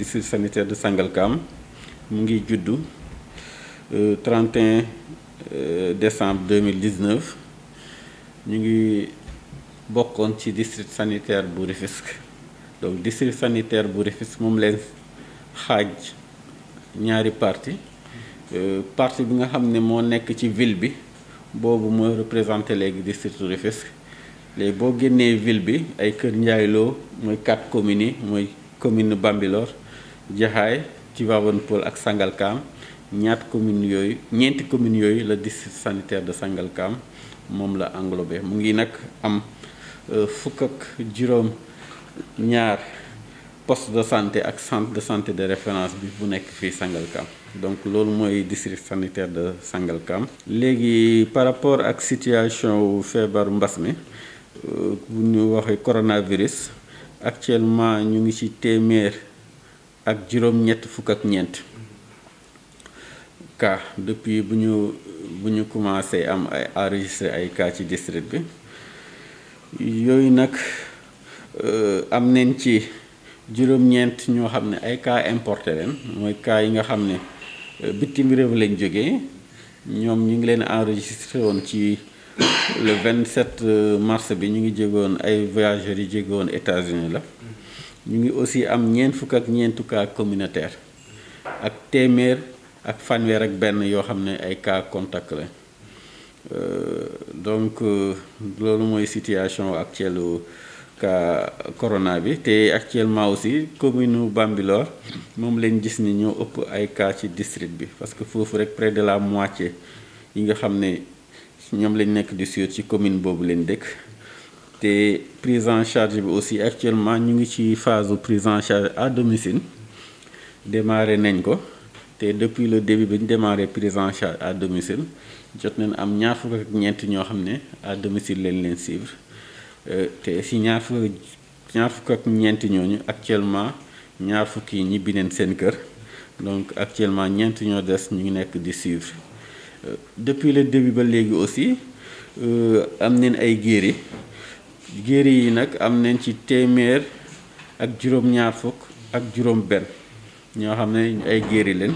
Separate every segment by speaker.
Speaker 1: district sanitaire de Sangalkam mu ngi 31 euh, euh, décembre 2019 Nous ngi bokkoon district sanitaire de donc district sanitaire de Rufisque moom leen xaaj ñaari parti euh, parti bi nga xam ne moo nekk ci ville bi boobu mooy le district de les bo génnee ville bi ay Kër Ndiayloo quatre communes yi communes commune Bambilor Jaxaay Tivaouane Peulh ak Sangalkam ñaat commune yooyu ñeenti commune yooyu le district sanitaire de Sangalkam moom la englobé mu ngi nag am euh, fukk ak niar, ñaar poste de santé ak centre de santé de référence bi bu nekk fii Sangalkam donc loolu mooy district sanitaire de Sangalkam léegi par rapport ak situation où feebaru mbas mi euh, bu ñu waxee coronavirus actuellement ñu ngi ci téeméer ak juróom-ñett fukk ak ñeent cas depuis bu ñu bu ñu commencé am ay enregistré ay kaa ci district bi yooyu nag euh, am nañ ci juróom-ñeent ñoo xam ne ay cas importé leen mooy cas yi nga xam ne euh, bitim réew lañ jóge ñoom ñu ngi leen enregistré woon ci le 27 euh, mars bi ñu ngi jógoon ay voyageurs yi jógoon États-Unis la ñu ngi aussi am ñeen fuk ak ñeen cas communautaire ak téeméer ak fanwer ak ben yo xamné ay cas contact la euh, donc euh, lolu moy situation actuelle ka corona bi té actuellement aussi commune Bambilor mom leen gis ni ñoo upp ay cas ci district bi parce que fofu rek près de la moitié yi nga xamné ñom lañ nekk du sud ci commune bobu leen dekk te prise en charge aussi actuellement ñu ngi ci phase prise en charge à domicile démarré nañ ko te depuis le début bi démarré prise en charge à domicile jot nañ am ñaar fukk ak ñent ñoo xamné à domicile lañ leen suivre euh, té si ñaar fukk ñaar fukk ak ñent ñooñu actuellement ñaar fukk yi ñibbi nañ seen kër donc actuellement ñent ñoo des ñu ngi nek di suivre euh, depuis le début ba légui aussi euh, am nañ ay guéris. géeri yi nag am nañ ci téeméer ak juróom-ñaar fukk ak juróom-benn ñoo xam ne ay géeri leen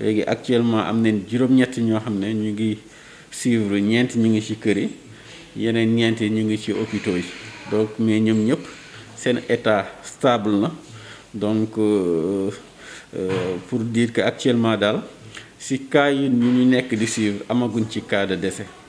Speaker 1: léegi actuellement am nañ juróom-ñett ñoo xam ne ñu ngi suivre ñeenti ñu ngi ci kër yi yeneen ñeent ñu ngi ci hôpitaux yi donc mais ñoom ñëpp seen état stable na donc euh, euh, pour diir que actuellement daal si cas yi ñu nekk di suivre amaguñ ci cas dese